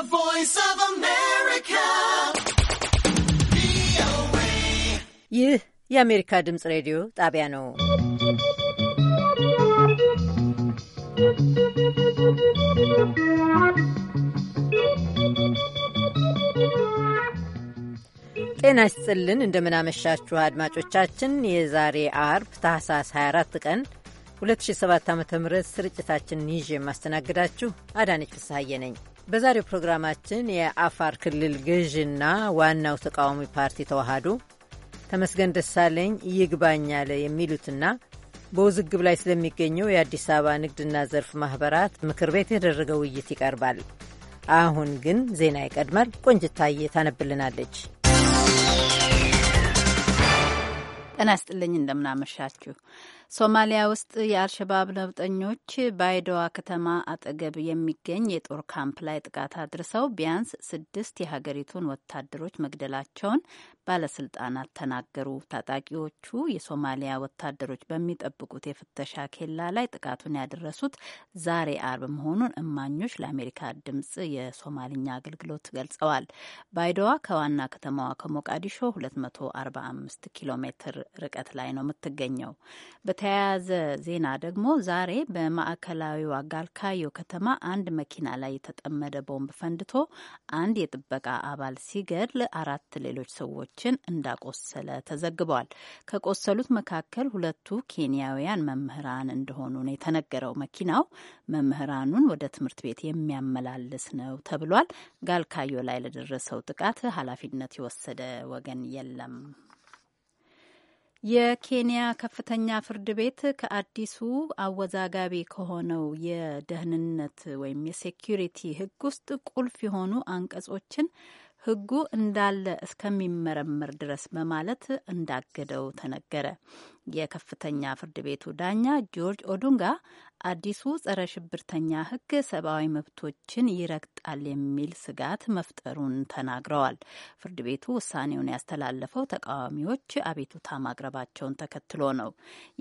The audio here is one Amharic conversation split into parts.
The Voice of America. ይህ የአሜሪካ ድምፅ ሬዲዮ ጣቢያ ነው። ጤና ይስጥልን፣ እንደምናመሻችሁ አድማጮቻችን። የዛሬ አርብ ታህሳስ 24 ቀን 2007 ዓ ም ስርጭታችንን ይዤ የማስተናግዳችሁ አዳነች ፍስሐዬ ነኝ። በዛሬው ፕሮግራማችን የአፋር ክልል ገዥና ዋናው ተቃዋሚ ፓርቲ ተዋህዶ ተመስገን ደሳለኝ ይግባኛል የሚሉትና በውዝግብ ላይ ስለሚገኘው የአዲስ አበባ ንግድና ዘርፍ ማኅበራት ምክር ቤት የደረገ ውይይት ይቀርባል። አሁን ግን ዜና ይቀድማል። ቆንጅታዬ ታነብልናለች። ጤና ይስጥልኝ እንደምናመሻችሁ። ሶማሊያ ውስጥ የአልሸባብ ነውጠኞች ባይደዋ ከተማ አጠገብ የሚገኝ የጦር ካምፕ ላይ ጥቃት አድርሰው ቢያንስ ስድስት የሀገሪቱን ወታደሮች መግደላቸውን ባለስልጣናት ተናገሩ። ታጣቂዎቹ የሶማሊያ ወታደሮች በሚጠብቁት የፍተሻ ኬላ ላይ ጥቃቱን ያደረሱት ዛሬ አርብ መሆኑን እማኞች ለአሜሪካ ድምጽ የሶማልኛ አገልግሎት ገልጸዋል። ባይደዋ ከዋና ከተማዋ ከሞቃዲሾ 245 ኪሎ ሜትር ርቀት ላይ ነው የምትገኘው። በተያያዘ ዜና ደግሞ ዛሬ በማዕከላዊዋ ጋልካዮ ከተማ አንድ መኪና ላይ የተጠመደ ቦምብ ፈንድቶ አንድ የጥበቃ አባል ሲገድል አራት ሌሎች ሰዎችን እንዳቆሰለ ተዘግበዋል። ከቆሰሉት መካከል ሁለቱ ኬንያውያን መምህራን እንደሆኑ ነው የተነገረው። መኪናው መምህራኑን ወደ ትምህርት ቤት የሚያመላልስ ነው ተብሏል። ጋልካዮ ላይ ለደረሰው ጥቃት ኃላፊነት የወሰደ ወገን የለም። የኬንያ ከፍተኛ ፍርድ ቤት ከአዲሱ አወዛጋቢ ከሆነው የደህንነት ወይም የሴኪሪቲ ሕግ ውስጥ ቁልፍ የሆኑ አንቀጾችን ሕጉ እንዳለ እስከሚመረመር ድረስ በማለት እንዳገደው ተነገረ። የከፍተኛ ፍርድ ቤቱ ዳኛ ጆርጅ ኦዱንጋ አዲሱ ጸረ ሽብርተኛ ሕግ ሰብአዊ መብቶችን ይረግጣል የሚል ስጋት መፍጠሩን ተናግረዋል። ፍርድ ቤቱ ውሳኔውን ያስተላለፈው ተቃዋሚዎች አቤቱታ ማቅረባቸውን ተከትሎ ነው።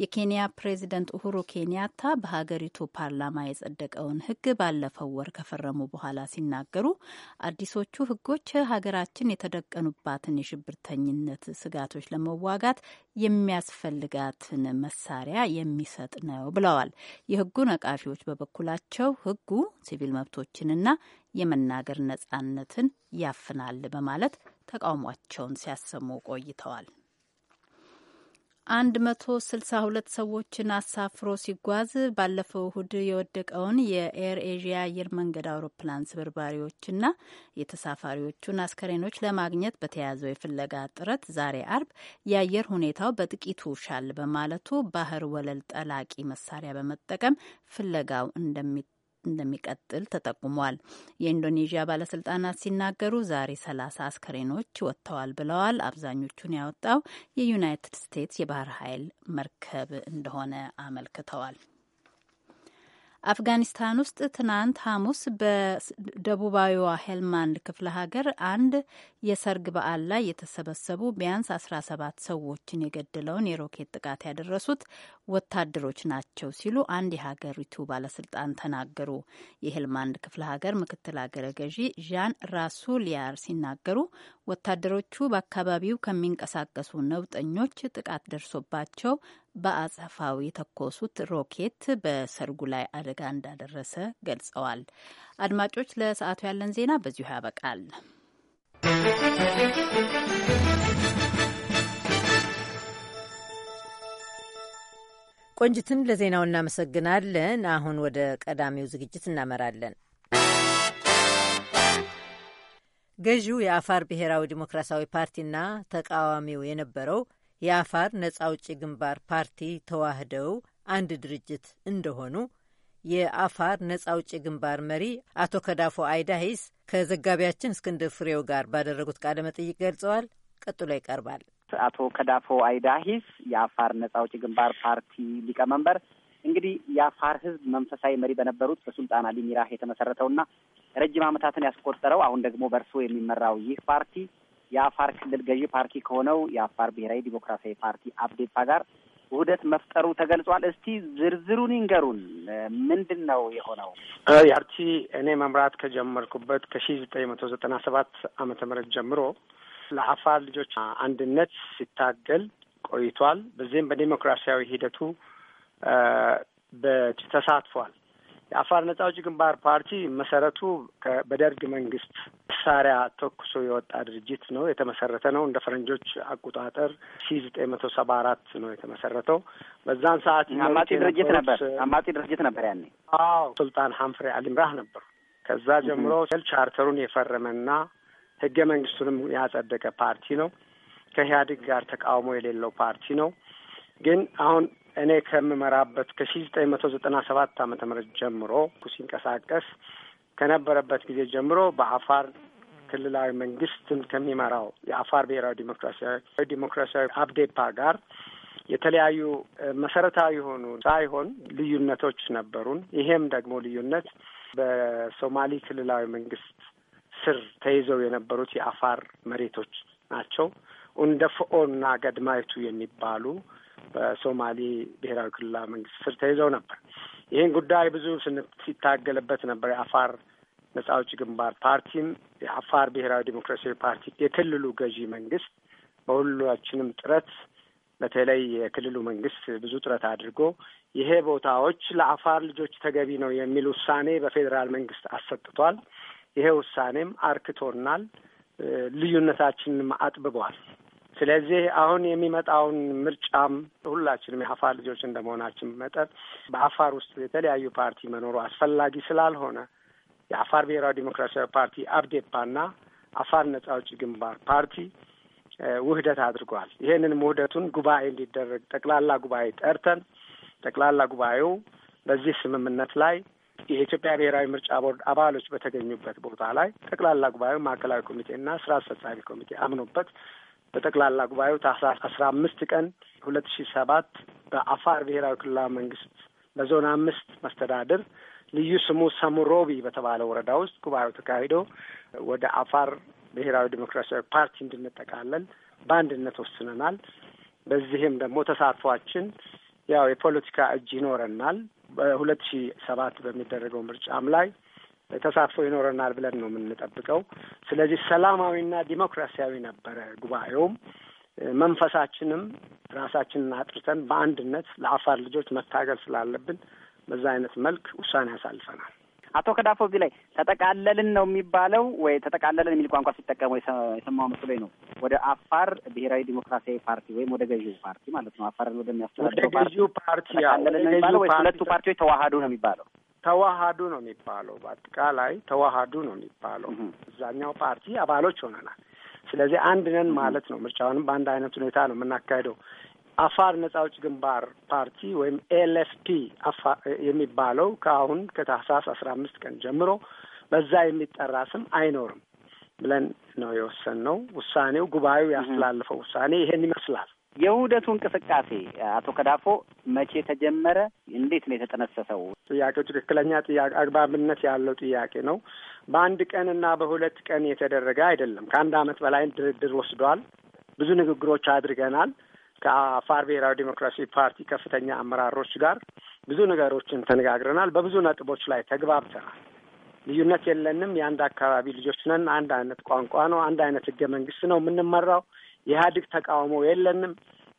የኬንያ ፕሬዚደንት ኡሁሩ ኬንያታ በሀገሪቱ ፓርላማ የጸደቀውን ሕግ ባለፈው ወር ከፈረሙ በኋላ ሲናገሩ አዲሶቹ ሕጎች ሀገራችን የተደቀኑባትን የሽብርተኝነት ስጋቶች ለመዋጋት የሚያስፈልገ የሚያስፈልጋትን መሳሪያ የሚሰጥ ነው ብለዋል። የህጉ ነቃፊዎች በበኩላቸው ህጉ ሲቪል መብቶችንና የመናገር ነጻነትን ያፍናል በማለት ተቃውሟቸውን ሲያሰሙ ቆይተዋል። 162 ሰዎችን አሳፍሮ ሲጓዝ ባለፈው እሁድ የወደቀውን የኤር ኤዥያ አየር መንገድ አውሮፕላን ስብርባሪዎችና የተሳፋሪዎቹን አስከሬኖች ለማግኘት በተያዘው የፍለጋ ጥረት ዛሬ አርብ የአየር ሁኔታው በጥቂቱ ሻል በማለቱ ባህር ወለል ጠላቂ መሳሪያ በመጠቀም ፍለጋው እንደሚ እንደሚቀጥል ተጠቁሟል። የኢንዶኔዥያ ባለስልጣናት ሲናገሩ ዛሬ ሰላሳ አስከሬኖች ወጥተዋል ብለዋል። አብዛኞቹን ያወጣው የዩናይትድ ስቴትስ የባህር ኃይል መርከብ እንደሆነ አመልክተዋል። አፍጋኒስታን ውስጥ ትናንት ሐሙስ በደቡባዊዋ ሄልማንድ ክፍለ ሀገር አንድ የሰርግ በዓል ላይ የተሰበሰቡ ቢያንስ ሰባት ሰዎችን የገደለውን የሮኬት ጥቃት ያደረሱት ወታደሮች ናቸው ሲሉ አንድ የሀገሪቱ ባለስልጣን ተናገሩ። የሄልማንድ ክፍለ ሀገር ምክትል አገረ ገዢ ዣን ራሱሊያር ሲናገሩ ወታደሮቹ በአካባቢው ከሚንቀሳቀሱ ነውጠኞች ጥቃት ደርሶባቸው በአጸፋው የተኮሱት ሮኬት በሰርጉ ላይ አደጋ እንዳደረሰ ገልጸዋል። አድማጮች፣ ለሰዓቱ ያለን ዜና በዚሁ ያበቃል። ቆንጅትን ለዜናው እናመሰግናለን። አሁን ወደ ቀዳሚው ዝግጅት እናመራለን። ገዢው የአፋር ብሔራዊ ዲሞክራሲያዊ ፓርቲና ተቃዋሚው የነበረው የአፋር ነጻ አውጪ ግንባር ፓርቲ ተዋህደው አንድ ድርጅት እንደሆኑ የአፋር ነጻ አውጪ ግንባር መሪ አቶ ከዳፎ አይዳሂስ ከዘጋቢያችን እስክንድር ፍሬው ጋር ባደረጉት ቃለ መጠይቅ ገልጸዋል። ቀጥሎ ይቀርባል። አቶ ከዳፎ አይዳሂስ የአፋር ነጻ አውጪ ግንባር ፓርቲ ሊቀመንበር፣ እንግዲህ የአፋር ህዝብ መንፈሳዊ መሪ በነበሩት በሱልጣን አሊ ሚራህ የተመሰረተውና ረጅም ዓመታትን ያስቆጠረው አሁን ደግሞ በእርስዎ የሚመራው ይህ ፓርቲ የአፋር ክልል ገዢ ፓርቲ ከሆነው የአፋር ብሔራዊ ዲሞክራሲያዊ ፓርቲ አብዴፓ ጋር ውህደት መፍጠሩ ተገልጿል። እስቲ ዝርዝሩን ይንገሩን። ምንድን ነው የሆነው? ያርቺ እኔ መምራት ከጀመርኩበት ከሺ ዘጠኝ መቶ ዘጠና ሰባት አመተ ምህረት ጀምሮ ለአፋር ልጆች አንድነት ሲታገል ቆይቷል። በዚህም በዲሞክራሲያዊ ሂደቱ ተሳትፏል። የአፋር ነጻ አውጪ ግንባር ፓርቲ መሰረቱ በደርግ መንግስት መሳሪያ ተኩሶ የወጣ ድርጅት ነው። የተመሰረተ ነው እንደ ፈረንጆች አቆጣጠር ሺ ዘጠኝ መቶ ሰባ አራት ነው የተመሰረተው። በዛን ሰዓት አማጺ ድርጅት ነበር። አማጺ ድርጅት ነበር ያኔ። አዎ ሱልጣን ሀምፍሬ አሊምራህ ነበሩ። ከዛ ጀምሮ ቻርተሩን የፈረመና ህገ መንግስቱንም ያጸደቀ ፓርቲ ነው። ከኢህአዴግ ጋር ተቃውሞ የሌለው ፓርቲ ነው። ግን አሁን እኔ ከምመራበት ከሺ ዘጠኝ መቶ ዘጠና ሰባት ዓመተ ምህረት ጀምሮ ሲንቀሳቀስ ከነበረበት ጊዜ ጀምሮ በአፋር ክልላዊ መንግስትን ከሚመራው የአፋር ብሔራዊ ዲሞክራሲያዊ ዲሞክራሲያዊ አብዴፓ ጋር የተለያዩ መሰረታዊ የሆኑ ሳይሆን ልዩነቶች ነበሩን። ይሄም ደግሞ ልዩነት በሶማሊ ክልላዊ መንግስት ስር ተይዘው የነበሩት የአፋር መሬቶች ናቸው። እንደ ፍኦና ገድማይቱ የሚባሉ በሶማሌ ብሔራዊ ክልላዊ መንግስት ስር ተይዘው ነበር። ይህን ጉዳይ ብዙ ሲታገልበት ነበር። የአፋር ነጻ አውጪ ግንባር ፓርቲም፣ የአፋር ብሔራዊ ዴሞክራሲያዊ ፓርቲ፣ የክልሉ ገዢ መንግስት በሁላችንም ጥረት በተለይ የክልሉ መንግስት ብዙ ጥረት አድርጎ ይሄ ቦታዎች ለአፋር ልጆች ተገቢ ነው የሚል ውሳኔ በፌዴራል መንግስት አሰጥቷል። ይሄ ውሳኔም አርክቶናል፣ ልዩነታችንንም አጥብቧል። ስለዚህ አሁን የሚመጣውን ምርጫም ሁላችንም የአፋር ልጆች እንደመሆናችን መጠን በአፋር ውስጥ የተለያዩ ፓርቲ መኖሩ አስፈላጊ ስላልሆነ የአፋር ብሔራዊ ዴሞክራሲያዊ ፓርቲ አብዴፓና አፋር ነጻ አውጪ ግንባር ፓርቲ ውህደት አድርጓል። ይሄንንም ውህደቱን ጉባኤ እንዲደረግ ጠቅላላ ጉባኤ ጠርተን ጠቅላላ ጉባኤው በዚህ ስምምነት ላይ የኢትዮጵያ ብሔራዊ ምርጫ ቦርድ አባሎች በተገኙበት ቦታ ላይ ጠቅላላ ጉባኤው ማዕከላዊ ኮሚቴና ስራ አስፈጻሚ ኮሚቴ አምኖበት በጠቅላላ ጉባኤው ታህሳስ አስራ አምስት ቀን ሁለት ሺ ሰባት በአፋር ብሔራዊ ክልላዊ መንግስት በዞን አምስት መስተዳድር ልዩ ስሙ ሰሙሮቢ በተባለ ወረዳ ውስጥ ጉባኤው ተካሂዶ ወደ አፋር ብሔራዊ ዲሞክራሲያዊ ፓርቲ እንድንጠቃለል በአንድነት ወስነናል። በዚህም ደግሞ ተሳትፏችን ያው የፖለቲካ እጅ ይኖረናል። በሁለት ሺ ሰባት በሚደረገው ምርጫም ላይ ተሳትፎ ይኖረናል ብለን ነው የምንጠብቀው። ስለዚህ ሰላማዊና ዲሞክራሲያዊ ነበረ ጉባኤውም። መንፈሳችንም ራሳችንን አጥርተን በአንድነት ለአፋር ልጆች መታገል ስላለብን በዛ አይነት መልክ ውሳኔ ያሳልፈናል። አቶ ከዳፎ እዚህ ላይ ተጠቃለልን ነው የሚባለው ወይ ተጠቃለልን የሚል ቋንቋ ሲጠቀሙ የሰማው ምስሉ ነው። ወደ አፋር ብሔራዊ ዲሞክራሲያዊ ፓርቲ ወይም ወደ ገዢው ፓርቲ ማለት ነው። አፋርን ወደሚያስተዳድረው ፓርቲ ተጠቃለልን ነው የሚባለው ወይ ሁለቱ ፓርቲዎች ተዋሃዱ ነው የሚባለው? ተዋሃዱ ነው የሚባለው። በአጠቃላይ ተዋሃዱ ነው የሚባለው። አብዛኛው ፓርቲ አባሎች ሆነናል። ስለዚህ አንድ ነን ማለት ነው። ምርጫውንም በአንድ አይነት ሁኔታ ነው የምናካሄደው። አፋር ነጻ ግንባር ፓርቲ ወይም ኤልኤፍፒ የሚባለው ከአሁን ከታህሳስ አስራ አምስት ቀን ጀምሮ በዛ የሚጠራ ስም አይኖርም ብለን ነው ነው። ውሳኔው ጉባኤው ያስተላለፈው ውሳኔ ይሄን ይመስላል። የውህደቱ እንቅስቃሴ አቶ ከዳፎ መቼ ተጀመረ? እንዴት ነው የተጠነሰሰው? ጥያቄው ትክክለኛ ጥያቄ፣ አግባብነት ያለው ጥያቄ ነው። በአንድ ቀን እና በሁለት ቀን የተደረገ አይደለም። ከአንድ አመት በላይ ድርድር ወስዷል። ብዙ ንግግሮች አድርገናል። ከአፋር ብሔራዊ ዴሞክራሲ ፓርቲ ከፍተኛ አመራሮች ጋር ብዙ ነገሮችን ተነጋግረናል። በብዙ ነጥቦች ላይ ተግባብተናል። ልዩነት የለንም። የአንድ አካባቢ ልጆች ነን። አንድ አይነት ቋንቋ ነው። አንድ አይነት ህገ መንግስት ነው የምንመራው። የኢህአዴግ ተቃውሞ የለንም።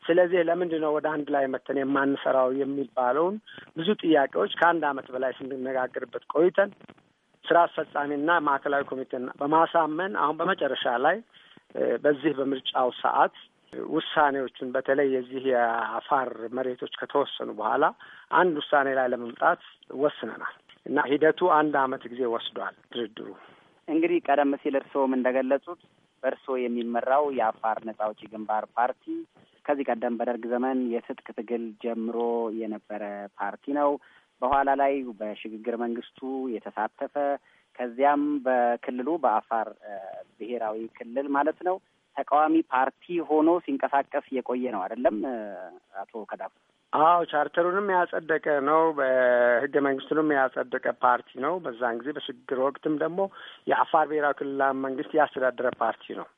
ስለዚህ ለምንድን ነው ወደ አንድ ላይ መተን የማንሰራው የሚባለውን ብዙ ጥያቄዎች ከአንድ ዓመት በላይ ስንነጋገርበት ቆይተን ስራ አስፈጻሚና ማዕከላዊ ኮሚቴና በማሳመን አሁን በመጨረሻ ላይ በዚህ በምርጫው ሰዓት ውሳኔዎቹን በተለይ የዚህ የአፋር መሬቶች ከተወሰኑ በኋላ አንድ ውሳኔ ላይ ለመምጣት ወስነናል እና ሂደቱ አንድ ዓመት ጊዜ ወስዷል። ድርድሩ እንግዲህ ቀደም ሲል እርስዎም እንደገለጹት በእርስዎ የሚመራው የአፋር ነጻ አውጪ ግንባር ፓርቲ ከዚህ ቀደም በደርግ ዘመን የትጥቅ ትግል ጀምሮ የነበረ ፓርቲ ነው። በኋላ ላይ በሽግግር መንግስቱ የተሳተፈ ከዚያም በክልሉ በአፋር ብሔራዊ ክልል ማለት ነው ተቃዋሚ ፓርቲ ሆኖ ሲንቀሳቀስ የቆየ ነው አይደለም አቶ ከዳፉ? አዎ ቻርተሩንም ያጸደቀ ነው። በህገ መንግስቱንም ያጸደቀ ፓርቲ ነው። በዛን ጊዜ በሽግግር ወቅትም ደግሞ የአፋር ብሔራዊ ክልላዊ መንግስት ያስተዳደረ ፓርቲ ነው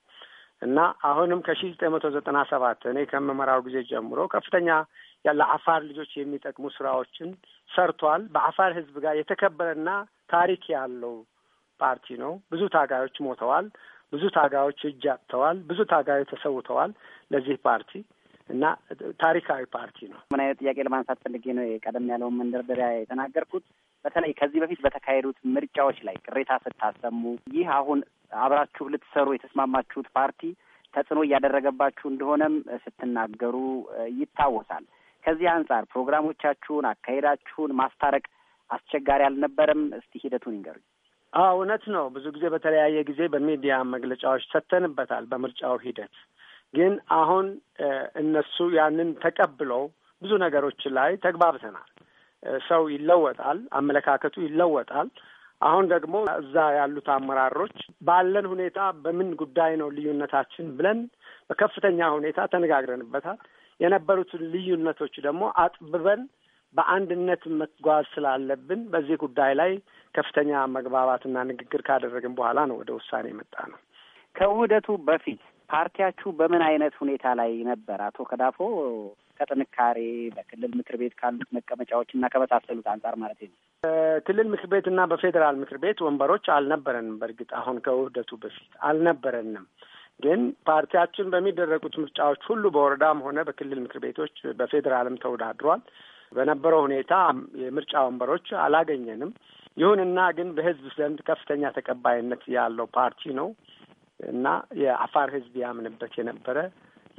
እና አሁንም ከሺ ዘጠኝ መቶ ዘጠና ሰባት እኔ ከመመራው ጊዜ ጀምሮ ከፍተኛ ለአፋር ልጆች የሚጠቅሙ ስራዎችን ሰርቷል። በአፋር ህዝብ ጋር የተከበረና ታሪክ ያለው ፓርቲ ነው። ብዙ ታጋዮች ሞተዋል። ብዙ ታጋዮች እጅ አጥተዋል። ብዙ ታጋዮች ተሰውተዋል ለዚህ ፓርቲ እና ታሪካዊ ፓርቲ ነው። ምን አይነት ጥያቄ ለማንሳት ፈልጌ ነው ቀደም ያለውን መንደርደሪያ የተናገርኩት። በተለይ ከዚህ በፊት በተካሄዱት ምርጫዎች ላይ ቅሬታ ስታሰሙ ይህ አሁን አብራችሁ ልትሰሩ የተስማማችሁት ፓርቲ ተጽዕኖ እያደረገባችሁ እንደሆነም ስትናገሩ ይታወሳል። ከዚህ አንጻር ፕሮግራሞቻችሁን፣ አካሄዳችሁን ማስታረቅ አስቸጋሪ አልነበረም? እስቲ ሂደቱን ይንገሩኝ። አዎ እውነት ነው። ብዙ ጊዜ በተለያየ ጊዜ በሚዲያ መግለጫዎች ሰተንበታል። በምርጫው ሂደት ግን አሁን እነሱ ያንን ተቀብለው ብዙ ነገሮች ላይ ተግባብተናል። ሰው ይለወጣል፣ አመለካከቱ ይለወጣል። አሁን ደግሞ እዛ ያሉት አመራሮች ባለን ሁኔታ በምን ጉዳይ ነው ልዩነታችን ብለን በከፍተኛ ሁኔታ ተነጋግረንበታል። የነበሩትን ልዩነቶች ደግሞ አጥብበን በአንድነት መጓዝ ስላለብን በዚህ ጉዳይ ላይ ከፍተኛ መግባባትና ንግግር ካደረግን በኋላ ነው ወደ ውሳኔ የመጣ ነው። ከውህደቱ በፊት ፓርቲያችሁ በምን አይነት ሁኔታ ላይ ነበር? አቶ ከዳፎ ከጥንካሬ በክልል ምክር ቤት ካሉት መቀመጫዎች እና ከመሳሰሉት አንጻር ማለት ነው። በክልል ምክር ቤት እና በፌዴራል ምክር ቤት ወንበሮች አልነበረንም። በእርግጥ አሁን ከውህደቱ በፊት አልነበረንም። ግን ፓርቲያችን በሚደረጉት ምርጫዎች ሁሉ በወረዳም ሆነ በክልል ምክር ቤቶች በፌዴራልም ተወዳድሯል። በነበረው ሁኔታ የምርጫ ወንበሮች አላገኘንም። ይሁንና ግን በህዝብ ዘንድ ከፍተኛ ተቀባይነት ያለው ፓርቲ ነው። እና የአፋር ህዝብ ያምንበት የነበረ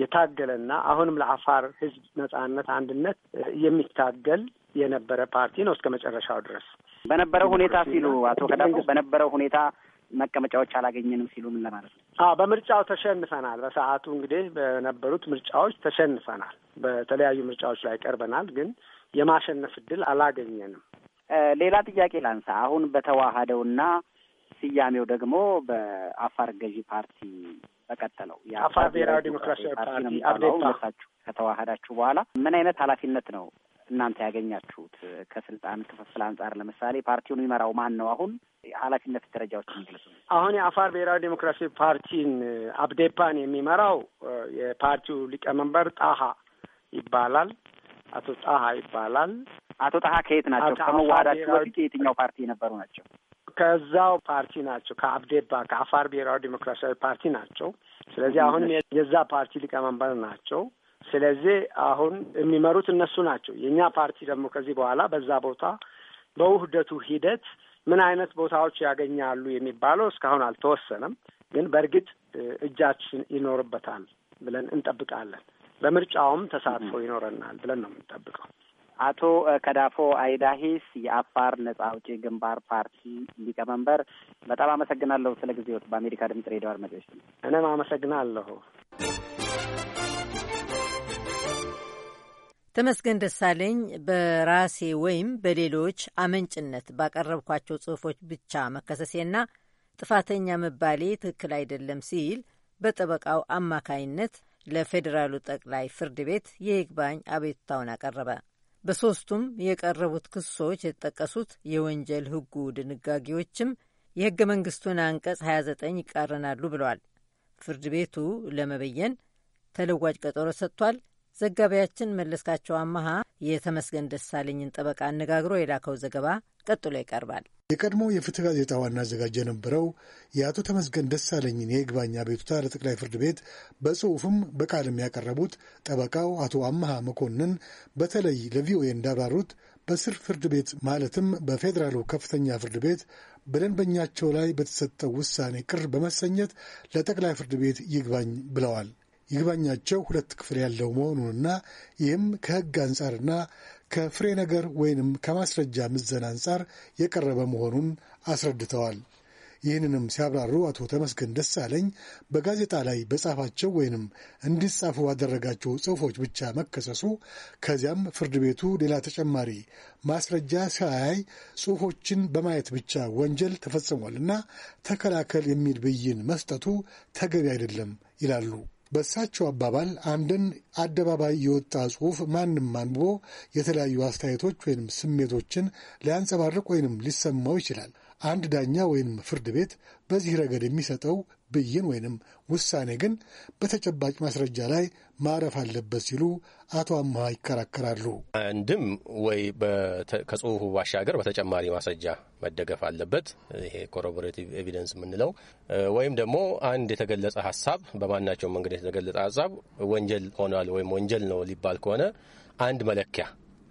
የታገለና አሁንም ለአፋር ህዝብ ነጻነት፣ አንድነት የሚታገል የነበረ ፓርቲ ነው እስከ መጨረሻው ድረስ። በነበረው ሁኔታ ሲሉ አቶ ከዳሙ በነበረው ሁኔታ መቀመጫዎች አላገኘንም ሲሉ ምን ለማለት ነው? አዎ በምርጫው ተሸንፈናል። በሰዓቱ እንግዲህ በነበሩት ምርጫዎች ተሸንፈናል። በተለያዩ ምርጫዎች ላይ ቀርበናል፣ ግን የማሸነፍ እድል አላገኘንም። ሌላ ጥያቄ ላንሳ። አሁን በተዋህደውና ስያሜው ደግሞ በአፋር ገዢ ፓርቲ ተቀጠለው የአፋር ብሔራዊ ዲሞክራሲያዊ ፓርቲ ሁለታችሁ ከተዋህዳችሁ በኋላ ምን አይነት ኃላፊነት ነው እናንተ ያገኛችሁት? ከስልጣን ክፍፍል አንጻር ለምሳሌ ፓርቲውን የሚመራው ማን ነው? አሁን ኃላፊነት ደረጃዎች የሚገለጹ አሁን የአፋር ብሔራዊ ዴሞክራሲያዊ ፓርቲን አብዴፓን የሚመራው የፓርቲው ሊቀመንበር ጣሃ ይባላል። አቶ ጣሃ ይባላል። አቶ ጣሀ ከየት ናቸው? ከመዋህዳችሁ በፊት የትኛው ፓርቲ የነበሩ ናቸው? ከዛው ፓርቲ ናቸው፣ ከአብዴባ ከአፋር ብሔራዊ ዴሞክራሲያዊ ፓርቲ ናቸው። ስለዚህ አሁን የዛ ፓርቲ ሊቀመንበር ናቸው። ስለዚህ አሁን የሚመሩት እነሱ ናቸው። የእኛ ፓርቲ ደግሞ ከዚህ በኋላ በዛ ቦታ በውህደቱ ሂደት ምን አይነት ቦታዎች ያገኛሉ የሚባለው እስካሁን አልተወሰነም። ግን በእርግጥ እጃችን ይኖርበታል ብለን እንጠብቃለን። በምርጫውም ተሳትፎ ይኖረናል ብለን ነው የምንጠብቀው። አቶ ከዳፎ አይዳሂስ የአፋር ነጻ አውጪ ግንባር ፓርቲ ሊቀመንበር፣ በጣም አመሰግናለሁ ስለ ጊዜዎት። በአሜሪካ ድምጽ ሬዲዮ አድማጮች እኔም አመሰግናለሁ። ተመስገን ደሳለኝ በራሴ ወይም በሌሎች አመንጭነት ባቀረብኳቸው ጽሁፎች ብቻ መከሰሴና ጥፋተኛ መባሌ ትክክል አይደለም ሲል በጠበቃው አማካይነት ለፌዴራሉ ጠቅላይ ፍርድ ቤት የይግባኝ አቤቱታውን አቀረበ። በሦስቱም የቀረቡት ክሶች የተጠቀሱት የወንጀል ሕጉ ድንጋጌዎችም የሕገ መንግሥቱን አንቀጽ 29 ይቃረናሉ ብለዋል። ፍርድ ቤቱ ለመበየን ተለዋጭ ቀጠሮ ሰጥቷል። ዘጋቢያችን መለስካቸው አመሃ የተመስገን ደሳለኝን ጠበቃ አነጋግሮ የላከው ዘገባ ቀጥሎ ይቀርባል። የቀድሞ የፍትህ ጋዜጣ ዋና አዘጋጅ የነበረው የአቶ ተመስገን ደሳለኝን የይግባኝ አቤቱታ ለጠቅላይ ፍርድ ቤት በጽሁፍም በቃልም ያቀረቡት ጠበቃው አቶ አመሃ መኮንን በተለይ ለቪኦኤ እንዳብራሩት በስር ፍርድ ቤት ማለትም በፌዴራሉ ከፍተኛ ፍርድ ቤት በደንበኛቸው ላይ በተሰጠው ውሳኔ ቅር በመሰኘት ለጠቅላይ ፍርድ ቤት ይግባኝ ብለዋል። ይግባኛቸው ሁለት ክፍል ያለው መሆኑንና ይህም ከሕግ አንጻርና ከፍሬ ነገር ወይንም ከማስረጃ ምዘን አንጻር የቀረበ መሆኑን አስረድተዋል። ይህንንም ሲያብራሩ አቶ ተመስገን ደሳለኝ በጋዜጣ ላይ በጻፋቸው ወይንም እንዲጻፉ ባደረጋቸው ጽሑፎች ብቻ መከሰሱ፣ ከዚያም ፍርድ ቤቱ ሌላ ተጨማሪ ማስረጃ ሳያይ ጽሑፎችን በማየት ብቻ ወንጀል ተፈጽሟልና ተከላከል የሚል ብይን መስጠቱ ተገቢ አይደለም ይላሉ። በእሳቸው አባባል አንድን አደባባይ የወጣ ጽሑፍ ማንም አንብቦ የተለያዩ አስተያየቶች ወይም ስሜቶችን ሊያንጸባርቅ ወይንም ሊሰማው ይችላል። አንድ ዳኛ ወይንም ፍርድ ቤት በዚህ ረገድ የሚሰጠው ብይን ወይንም ውሳኔ ግን በተጨባጭ ማስረጃ ላይ ማረፍ አለበት ሲሉ አቶ አምሃ ይከራከራሉ። አንድም ወይ ከጽሁፉ ባሻገር በተጨማሪ ማስረጃ መደገፍ አለበት፣ ይሄ ኮሮቦሬቲቭ ኤቪደንስ የምንለው ወይም ደግሞ አንድ የተገለጸ ሀሳብ በማናቸው መንገድ የተገለጸ ሀሳብ ወንጀል ሆኗል ወይም ወንጀል ነው ሊባል ከሆነ አንድ መለኪያ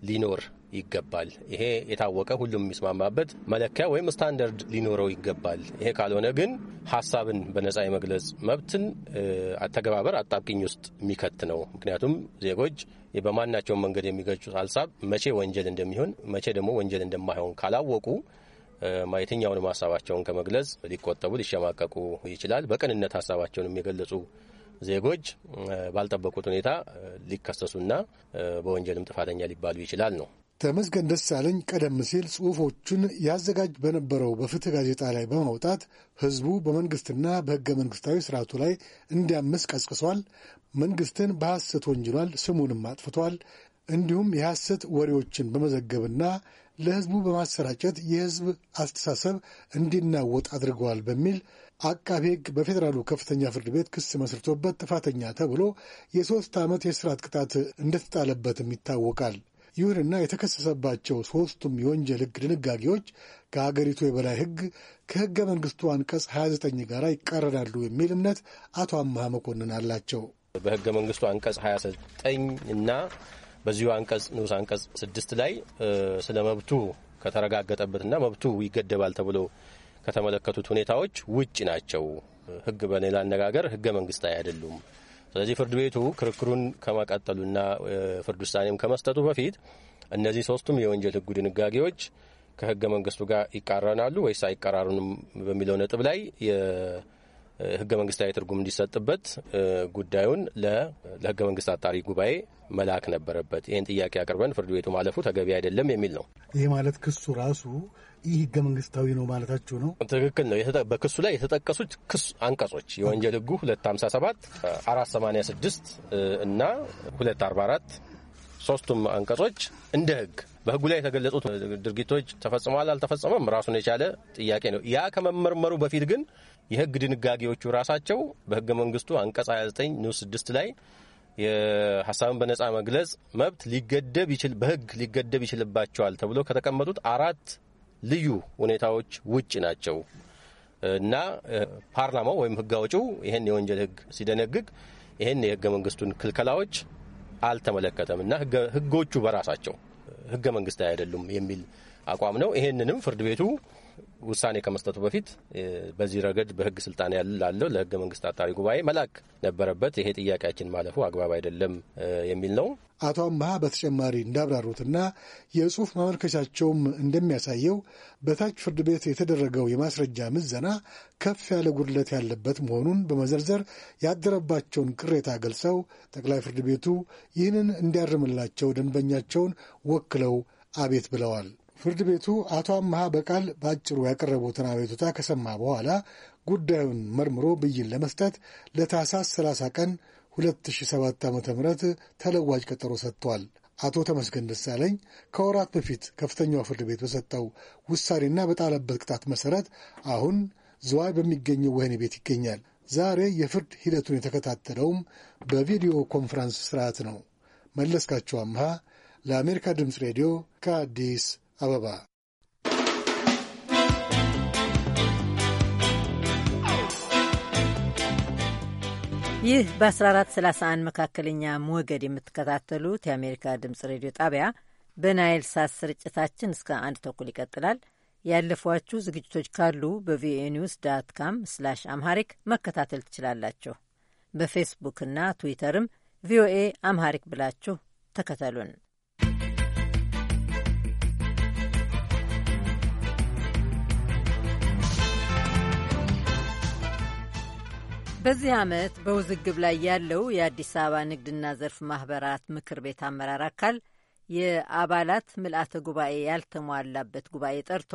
ሊኖር ይገባል። ይሄ የታወቀ ሁሉም የሚስማማበት መለኪያ ወይም ስታንዳርድ ሊኖረው ይገባል። ይሄ ካልሆነ ግን ሀሳብን በነጻ የመግለጽ መብትን አተገባበር አጣብቂኝ ውስጥ የሚከት ነው። ምክንያቱም ዜጎች በማናቸውም መንገድ የሚገጩት ሀሳብ መቼ ወንጀል እንደሚሆን መቼ ደግሞ ወንጀል እንደማይሆን ካላወቁ የትኛውንም ሀሳባቸውን ከመግለጽ ሊቆጠቡ ሊሸማቀቁ ይችላል። በቅንነት ሀሳባቸውን የገለጹ ዜጎች ባልጠበቁት ሁኔታ ሊከሰሱና በወንጀልም ጥፋተኛ ሊባሉ ይችላል ነው ተመስገን ደሳለኝ ቀደም ሲል ጽሑፎቹን ያዘጋጅ በነበረው በፍትህ ጋዜጣ ላይ በማውጣት ህዝቡ በመንግስትና በህገ መንግስታዊ ስርዓቱ ላይ እንዲያምስ ቀስቅሷል፣ መንግስትን በሐሰት ወንጅሏል፣ ስሙንም አጥፍቷል። እንዲሁም የሐሰት ወሬዎችን በመዘገብና ለህዝቡ በማሰራጨት የህዝብ አስተሳሰብ እንዲናወጥ አድርገዋል በሚል አቃቤ ህግ በፌዴራሉ ከፍተኛ ፍርድ ቤት ክስ መስርቶበት ጥፋተኛ ተብሎ የሦስት ዓመት የእስራት ቅጣት እንደተጣለበትም ይታወቃል። ይሁንና የተከሰሰባቸው ሦስቱም የወንጀል ሕግ ድንጋጌዎች ከአገሪቱ የበላይ ሕግ ከሕገ መንግሥቱ አንቀጽ 29 ጋር ይቃረናሉ የሚል እምነት አቶ አምሃ መኮንን አላቸው። በሕገ መንግሥቱ አንቀጽ 29 እና በዚሁ አንቀጽ ንዑስ አንቀጽ 6 ላይ ስለ መብቱ ከተረጋገጠበትና መብቱ ይገደባል ተብሎ ከተመለከቱት ሁኔታዎች ውጭ ናቸው። ሕግ በሌላ አነጋገር ሕገ መንግሥታዊ አይደሉም። ስለዚህ ፍርድ ቤቱ ክርክሩን ከማቃጠሉና ፍርድ ውሳኔም ከመስጠቱ በፊት እነዚህ ሶስቱም የወንጀል ህጉ ድንጋጌዎች ከህገ መንግስቱ ጋር ይቃረናሉ ወይስ አይቀራሩንም በሚለው ነጥብ ላይ ህገ መንግስታዊ ትርጉም እንዲሰጥበት ጉዳዩን ለህገ መንግስት አጣሪ ጉባኤ መላክ ነበረበት። ይህን ጥያቄ አቅርበን ፍርድ ቤቱ ማለፉ ተገቢ አይደለም የሚል ነው። ይህ ማለት ክሱ ራሱ ይህ ህገ መንግስታዊ ነው ማለታችሁ ነው? ትክክል ነው። በክሱ ላይ የተጠቀሱት ክሱ አንቀጾች የወንጀል ህጉ 257፣ 486 እና 244 ሶስቱም አንቀጾች እንደ ህግ በህጉ ላይ የተገለጹት ድርጊቶች ተፈጽመዋል አልተፈጸመም ራሱን የቻለ ጥያቄ ነው። ያ ከመመርመሩ በፊት ግን የህግ ድንጋጌዎቹ ራሳቸው በህገ መንግስቱ አንቀጽ 29 ንዑስ 6 ላይ የሀሳብን በነጻ መግለጽ መብት ሊገደብ ይችል በህግ ሊገደብ ይችልባቸዋል ተብሎ ከተቀመጡት አራት ልዩ ሁኔታዎች ውጭ ናቸው እና ፓርላማው ወይም ህግ አውጪው ይህን የወንጀል ህግ ሲደነግግ ይህን የህገ መንግስቱን ክልከላዎች አልተመለከተም እና ህጎቹ በራሳቸው ህገ መንግስታዊ አይደሉም የሚል አቋም ነው። ይሄንንም ፍርድ ቤቱ ውሳኔ ከመስጠቱ በፊት በዚህ ረገድ በህግ ስልጣን ላለው ለህገ መንግስት አጣሪ ጉባኤ መላክ ነበረበት። ይሄ ጥያቄያችን ማለፉ አግባብ አይደለም የሚል ነው። አቶ አምሃ በተጨማሪ እንዳብራሩትና የጽሁፍ ማመልከቻቸውም እንደሚያሳየው በታች ፍርድ ቤት የተደረገው የማስረጃ ምዘና ከፍ ያለ ጉድለት ያለበት መሆኑን በመዘርዘር ያደረባቸውን ቅሬታ ገልጸው ጠቅላይ ፍርድ ቤቱ ይህንን እንዲያርምላቸው ደንበኛቸውን ወክለው አቤት ብለዋል። ፍርድ ቤቱ አቶ አመሃ በቃል በአጭሩ ያቀረቡትን አቤቱታ ከሰማ በኋላ ጉዳዩን መርምሮ ብይን ለመስጠት ለታህሳስ 30 ቀን 2007 ዓ ም ተለዋጅ ቀጠሮ ሰጥቷል። አቶ ተመስገን ደሳለኝ ከወራት በፊት ከፍተኛው ፍርድ ቤት በሰጠው ውሳኔና በጣለበት ቅጣት መሠረት አሁን ዝዋይ በሚገኘው ወህኒ ቤት ይገኛል። ዛሬ የፍርድ ሂደቱን የተከታተለውም በቪዲዮ ኮንፈረንስ ስርዓት ነው። መለስካቸው አምሃ ለአሜሪካ ድምፅ ሬዲዮ ከአዲስ አበባ ይህ በ1431 መካከለኛ ሞገድ የምትከታተሉት የአሜሪካ ድምፅ ሬዲዮ ጣቢያ በናይል ሳት ስርጭታችን እስከ አንድ ተኩል ይቀጥላል። ያለፏችሁ ዝግጅቶች ካሉ በቪኦኤ ኒውስ ዳት ካም ስላሽ አምሃሪክ መከታተል ትችላላችሁ። በፌስቡክና ትዊተርም ቪኦኤ አምሃሪክ ብላችሁ ተከተሉን። በዚህ ዓመት በውዝግብ ላይ ያለው የአዲስ አበባ ንግድና ዘርፍ ማኅበራት ምክር ቤት አመራር አካል የአባላት ምልአተ ጉባኤ ያልተሟላበት ጉባኤ ጠርቶ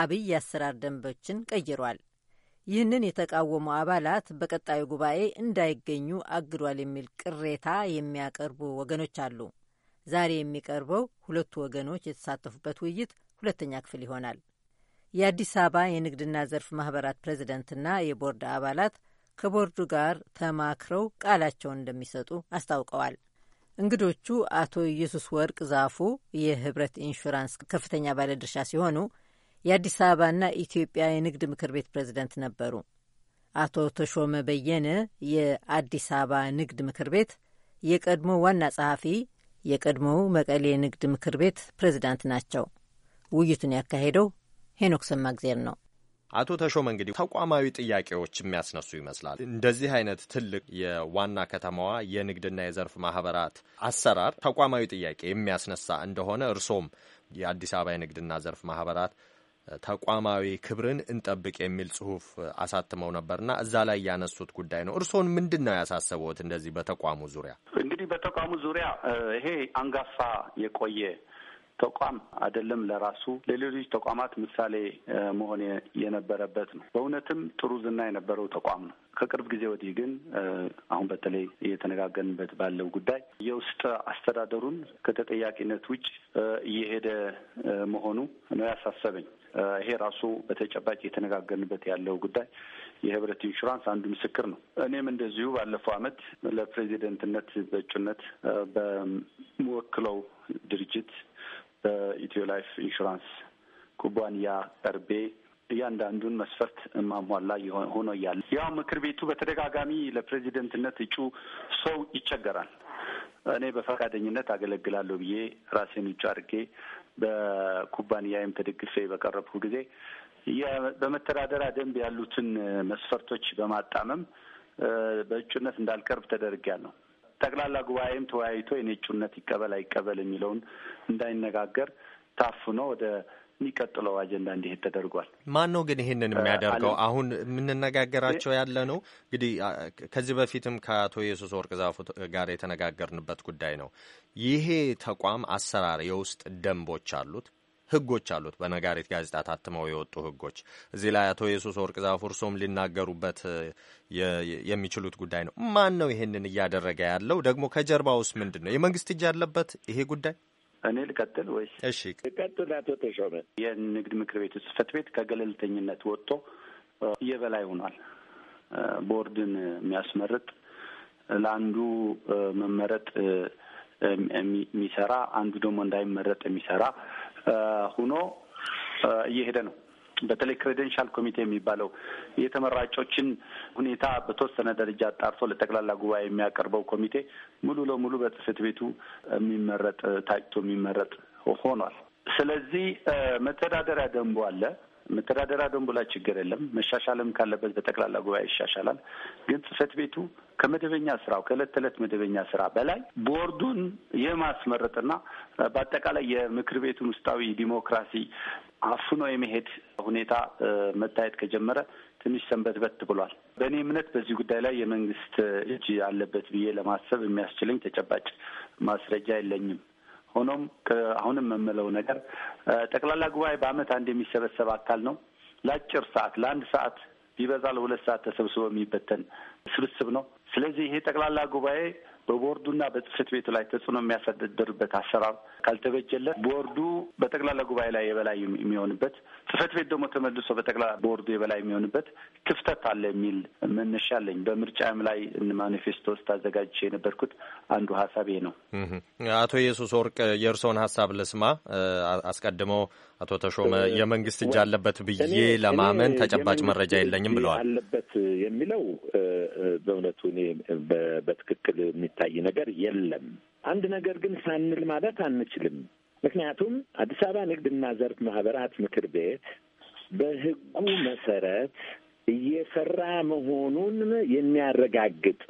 አብይ የአሰራር ደንቦችን ቀይሯል። ይህንን የተቃወሙ አባላት በቀጣዩ ጉባኤ እንዳይገኙ አግዷል የሚል ቅሬታ የሚያቀርቡ ወገኖች አሉ። ዛሬ የሚቀርበው ሁለቱ ወገኖች የተሳተፉበት ውይይት ሁለተኛ ክፍል ይሆናል። የአዲስ አበባ የንግድና ዘርፍ ማኅበራት ፕሬዚደንትና የቦርድ አባላት ከቦርዱ ጋር ተማክረው ቃላቸውን እንደሚሰጡ አስታውቀዋል። እንግዶቹ አቶ ኢየሱስ ወርቅ ዛፉ የህብረት ኢንሹራንስ ከፍተኛ ባለድርሻ ሲሆኑ የአዲስ አበባና ኢትዮጵያ የንግድ ምክር ቤት ፕሬዝደንት ነበሩ። አቶ ተሾመ በየነ የአዲስ አበባ ንግድ ምክር ቤት የቀድሞ ዋና ጸሐፊ፣ የቀድሞው መቀሌ ንግድ ምክር ቤት ፕሬዝዳንት ናቸው። ውይይቱን ያካሄደው ሄኖክ ሰማግዜር ነው። አቶ ተሾመ እንግዲህ ተቋማዊ ጥያቄዎች የሚያስነሱ ይመስላል። እንደዚህ አይነት ትልቅ የዋና ከተማዋ የንግድና የዘርፍ ማህበራት አሰራር ተቋማዊ ጥያቄ የሚያስነሳ እንደሆነ እርሶም የአዲስ አበባ የንግድና ዘርፍ ማህበራት ተቋማዊ ክብርን እንጠብቅ የሚል ጽሁፍ አሳትመው ነበርና እዛ ላይ ያነሱት ጉዳይ ነው። እርስዎን ምንድን ነው ያሳሰበዎት? እንደዚህ በተቋሙ ዙሪያ እንግዲህ በተቋሙ ዙሪያ ይሄ አንጋፋ የቆየ ተቋም አይደለም ለራሱ ለሌሎች ተቋማት ምሳሌ መሆን የነበረበት ነው። በእውነትም ጥሩ ዝና የነበረው ተቋም ነው። ከቅርብ ጊዜ ወዲህ ግን አሁን በተለይ እየተነጋገርንበት ባለው ጉዳይ የውስጥ አስተዳደሩን ከተጠያቂነት ውጭ እየሄደ መሆኑ ነው ያሳሰበኝ። ይሄ ራሱ በተጨባጭ እየተነጋገርንበት ያለው ጉዳይ የህብረት ኢንሹራንስ አንዱ ምስክር ነው። እኔም እንደዚሁ ባለፈው ዓመት ለፕሬዚደንትነት በእጩነት በምወክለው ድርጅት በኢትዮ ላይፍ ኢንሹራንስ ኩባንያ ቀርቤ እያንዳንዱን መስፈርት ማሟላ ሆኖ እያለ ያው ምክር ቤቱ በተደጋጋሚ ለፕሬዚደንትነት እጩ ሰው ይቸገራል። እኔ በፈቃደኝነት አገለግላለሁ ብዬ ራሴን እጩ አድርጌ በኩባንያዬም ተደግፌ በቀረብኩ ጊዜ በመተዳደሪያ ደንብ ያሉትን መስፈርቶች በማጣመም በእጩነት እንዳልቀርብ ተደርጊያለሁ። ጠቅላላ ጉባኤም ተወያይቶ የኔ ይቀበል አይቀበል የሚለውን እንዳይነጋገር ታፍኖ ወደ የሚቀጥለው አጀንዳ እንዲሄድ ተደርጓል። ማን ነው ግን ይህንን የሚያደርገው? አሁን የምንነጋገራቸው ያለ ነው እንግዲህ ከዚህ በፊትም ከአቶ ኢየሱስ ወርቅ ዛፉ ጋር የተነጋገርንበት ጉዳይ ነው። ይሄ ተቋም አሰራር የውስጥ ደንቦች አሉት። ህጎች አሉት። በነጋሪት ጋዜጣ ታትመው የወጡ ህጎች እዚህ ላይ አቶ የሱስ ወርቅ ዛፉ እርሶም ሊናገሩበት የሚችሉት ጉዳይ ነው። ማን ነው ይሄንን እያደረገ ያለው? ደግሞ ከጀርባ ውስጥ ምንድን ነው? የመንግስት እጅ ያለበት ይሄ ጉዳይ? እኔ ልቀጥል ወይስ? እሺ ቀጥል። አቶ ተሾመ፣ የንግድ ምክር ቤቱ ጽህፈት ቤት ከገለልተኝነት ወጥቶ የበላይ ሆኗል። ቦርድን የሚያስመርጥ ለአንዱ መመረጥ የሚሰራ አንዱ ደግሞ እንዳይመረጥ የሚሰራ ሁኖ እየሄደ ነው። በተለይ ክሬደንሻል ኮሚቴ የሚባለው የተመራጮችን ሁኔታ በተወሰነ ደረጃ አጣርቶ ለጠቅላላ ጉባኤ የሚያቀርበው ኮሚቴ ሙሉ ለሙሉ በጽህፈት ቤቱ የሚመረጥ ታጭቶ የሚመረጥ ሆኗል። ስለዚህ መተዳደሪያ ደንቡ አለ። መተዳደሪያ ደንቡ ላይ ችግር የለም። መሻሻልም ካለበት በጠቅላላ ጉባኤ ይሻሻላል። ግን ጽህፈት ቤቱ ከመደበኛ ስራው ከእለት ተዕለት መደበኛ ስራ በላይ ቦርዱን የማስመረጥና በአጠቃላይ የምክር ቤቱን ውስጣዊ ዲሞክራሲ አፍኖ የመሄድ ሁኔታ መታየት ከጀመረ ትንሽ ሰንበት በት ብሏል። በእኔ እምነት በዚህ ጉዳይ ላይ የመንግስት እጅ አለበት ብዬ ለማሰብ የሚያስችለኝ ተጨባጭ ማስረጃ የለኝም። ሆኖም አሁንም የምለው ነገር ጠቅላላ ጉባኤ በአመት አንድ የሚሰበሰብ አካል ነው። ለአጭር ሰዓት ለአንድ ሰዓት ቢበዛ ለሁለት ሰዓት ተሰብስቦ የሚበተን ስብስብ ነው። ስለዚህ ይሄ ጠቅላላ ጉባኤ በቦርዱና በጽህፈት ቤቱ ላይ ተጽዕኖ የሚያሳደድርበት አሰራር ካልተበጀለት ቦርዱ በጠቅላላ ጉባኤ ላይ የበላይ የሚሆንበት ጽህፈት ቤት ደግሞ ተመልሶ በጠቅላላ ቦርዱ የበላይ የሚሆንበት ክፍተት አለ የሚል መነሻ አለኝ። በምርጫም ላይ ማኒፌስቶ ውስጥ አዘጋጅቼ የነበርኩት አንዱ ሀሳቤ ነው። አቶ ኢየሱስ ወርቅ የእርስዎን ሀሳብ ልስማ። አስቀድመው አቶ ተሾመ የመንግስት እጅ አለበት ብዬ ለማመን ተጨባጭ መረጃ የለኝም ብለዋል። አለበት የሚለው በእውነቱ እኔ በትክክል የሚታይ ነገር የለም። አንድ ነገር ግን ሳንል ማለት አንችልም። ምክንያቱም አዲስ አበባ ንግድና ዘርፍ ማህበራት ምክር ቤት በህጉ መሰረት እየሰራ መሆኑን የሚያረጋግጥ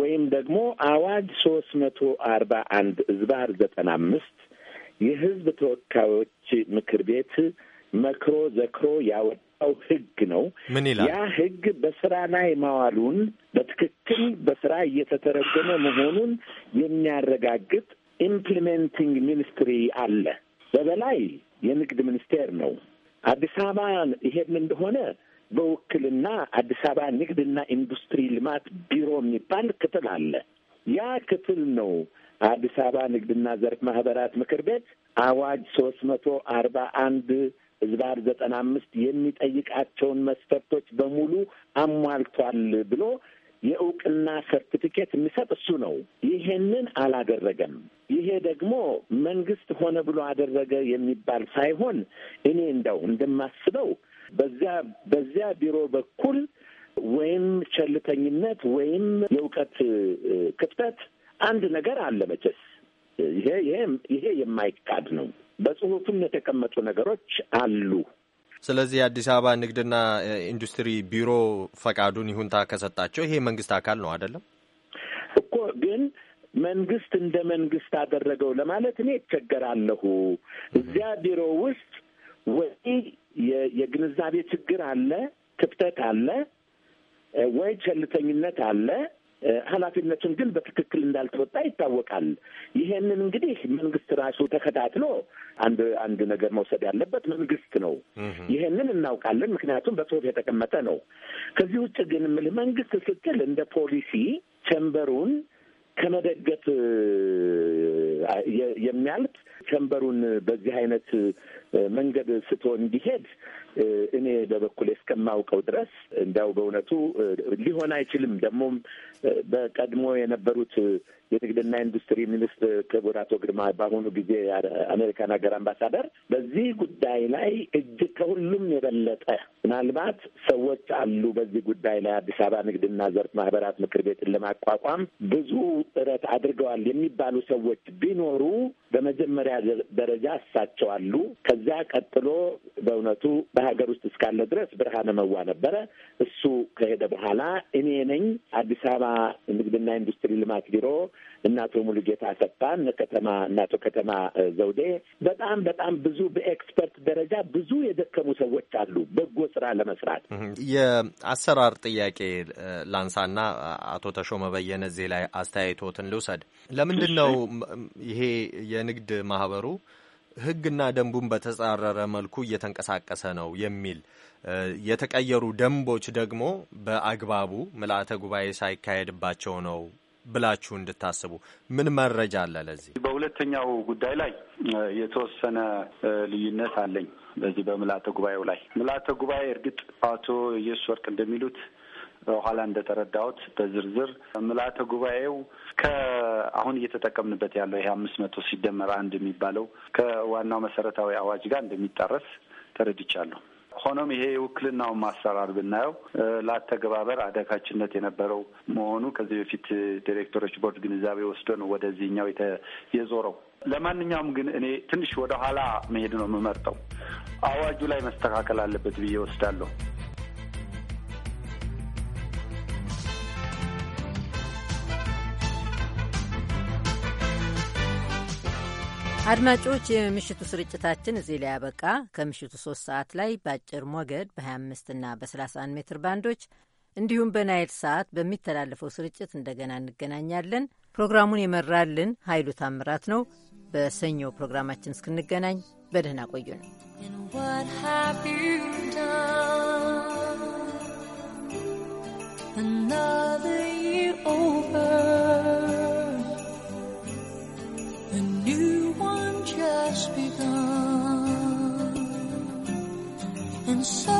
ወይም ደግሞ አዋጅ ሶስት መቶ አርባ አንድ እዝባር ዘጠና አምስት የህዝብ ተወካዮች ምክር ቤት መክሮ ዘክሮ ያወጣው ህግ ነው። ምን ይላል ያ ህግ? በስራ ላይ ማዋሉን በትክክል በስራ እየተተረጎመ መሆኑን የሚያረጋግጥ ኢምፕሊሜንቲንግ ሚኒስትሪ አለ። በበላይ የንግድ ሚኒስቴር ነው። አዲስ አበባ ይሄን እንደሆነ በውክልና አዲስ አበባ ንግድና ኢንዱስትሪ ልማት ቢሮ የሚባል ክፍል አለ። ያ ክፍል ነው አዲስ አበባ ንግድና ዘርፍ ማህበራት ምክር ቤት አዋጅ ሶስት መቶ አርባ አንድ ህዝባር ዘጠና አምስት የሚጠይቃቸውን መስፈርቶች በሙሉ አሟልቷል ብሎ የእውቅና ሰርቲፊኬት የሚሰጥ እሱ ነው። ይሄንን አላደረገም። ይሄ ደግሞ መንግስት ሆነ ብሎ አደረገ የሚባል ሳይሆን እኔ እንደው እንደማስበው በዚያ በዚያ ቢሮ በኩል ወይም ቸልተኝነት ወይም የእውቀት ክፍተት አንድ ነገር አለ መቼስ ይሄ ይሄ ይሄ የማይካድ ነው። በጽሁፍም የተቀመጡ ነገሮች አሉ። ስለዚህ የአዲስ አበባ ንግድና ኢንዱስትሪ ቢሮ ፈቃዱን ይሁንታ ከሰጣቸው ይሄ መንግስት አካል ነው አይደለም እኮ ግን መንግስት እንደ መንግስት አደረገው ለማለት እኔ ይቸገራለሁ። እዚያ ቢሮ ውስጥ ወይ የግንዛቤ ችግር አለ፣ ክፍተት አለ፣ ወይ ቸልተኝነት አለ ኃላፊነቱን ግን በትክክል እንዳልተወጣ ይታወቃል። ይሄንን እንግዲህ መንግስት ራሱ ተከታትሎ አንድ አንድ ነገር መውሰድ ያለበት መንግስት ነው። ይሄንን እናውቃለን፣ ምክንያቱም በጽሁፍ የተቀመጠ ነው። ከዚህ ውጭ ግን የምልህ መንግስት ስትል እንደ ፖሊሲ ቸምበሩን ከመደገፍ የሚያልፍ ቸምበሩን በዚህ አይነት መንገድ ስቶ እንዲሄድ እኔ በበኩል እስከማውቀው ድረስ እንዲያው በእውነቱ ሊሆን አይችልም። ደግሞም በቀድሞ የነበሩት የንግድና ኢንዱስትሪ ሚኒስትር ክቡር አቶ ግርማ በአሁኑ ጊዜ አሜሪካን ሀገር አምባሳደር በዚህ ጉዳይ ላይ እጅግ ከሁሉም የበለጠ ምናልባት ሰዎች አሉ በዚህ ጉዳይ ላይ አዲስ አበባ ንግድና ዘርፍ ማህበራት ምክር ቤትን ለማቋቋም ብዙ ጥረት አድርገዋል የሚባሉ ሰዎች ቢኖሩ በመጀመሪያ ደረጃ እሳቸው አሉ። ከዛ ቀጥሎ በእውነቱ በሀገር ውስጥ እስካለ ድረስ ብርሃነ መዋ ነበረ። እሱ ከሄደ በኋላ እኔ ነኝ አዲስ አበባ ንግድና ኢንዱስትሪ ልማት ቢሮ እናቶ አቶ ሙሉጌታ አሰፋ እነ ከተማ እና አቶ ከተማ ዘውዴ በጣም በጣም ብዙ በኤክስፐርት ደረጃ ብዙ የደከሙ ሰዎች አሉ በጎ ስራ ለመስራት። የአሰራር ጥያቄ ላንሳና አቶ ተሾመ በየነ እዚህ ላይ አስተያየቶትን ልውሰድ። ለምንድን ነው ይሄ የንግድ ማህበሩ ህግና ደንቡን በተጻረረ መልኩ እየተንቀሳቀሰ ነው የሚል የተቀየሩ ደንቦች ደግሞ በአግባቡ ምልአተ ጉባኤ ሳይካሄድባቸው ነው ብላችሁ እንድታስቡ ምን መረጃ አለ? ለዚህ በሁለተኛው ጉዳይ ላይ የተወሰነ ልዩነት አለኝ። በዚህ በምልአተ ጉባኤው ላይ ምልአተ ጉባኤ እርግጥ አቶ ኢየሱስ ወርቅ እንደሚሉት በኋላ እንደተረዳሁት በዝርዝር ምልአተ ጉባኤው ከአሁን እየተጠቀምንበት ያለው ይሄ አምስት መቶ ሲደመር አንድ የሚባለው ከዋናው መሰረታዊ አዋጅ ጋር እንደሚጣረስ ተረድቻለሁ። ሆኖም ይሄ የውክልናውን ማሰራር ብናየው ለአተገባበር አዳጋችነት የነበረው መሆኑ ከዚህ በፊት ዲሬክተሮች ቦርድ ግንዛቤ ወስዶ ነው ወደዚህኛው የዞረው። ለማንኛውም ግን እኔ ትንሽ ወደ ኋላ መሄድ ነው የምመርጠው። አዋጁ ላይ መስተካከል አለበት ብዬ ወስዳለሁ። አድማጮች የምሽቱ ስርጭታችን እዚህ ላይ ያበቃ። ከምሽቱ ሶስት ሰዓት ላይ በአጭር ሞገድ በ25 እና በ31 ሜትር ባንዶች እንዲሁም በናይል ሰዓት በሚተላለፈው ስርጭት እንደገና እንገናኛለን። ፕሮግራሙን የመራልን ኃይሉ ታምራት ነው። በሰኞ ፕሮግራማችን እስክንገናኝ በደህና ቆዩ ነው። And 受。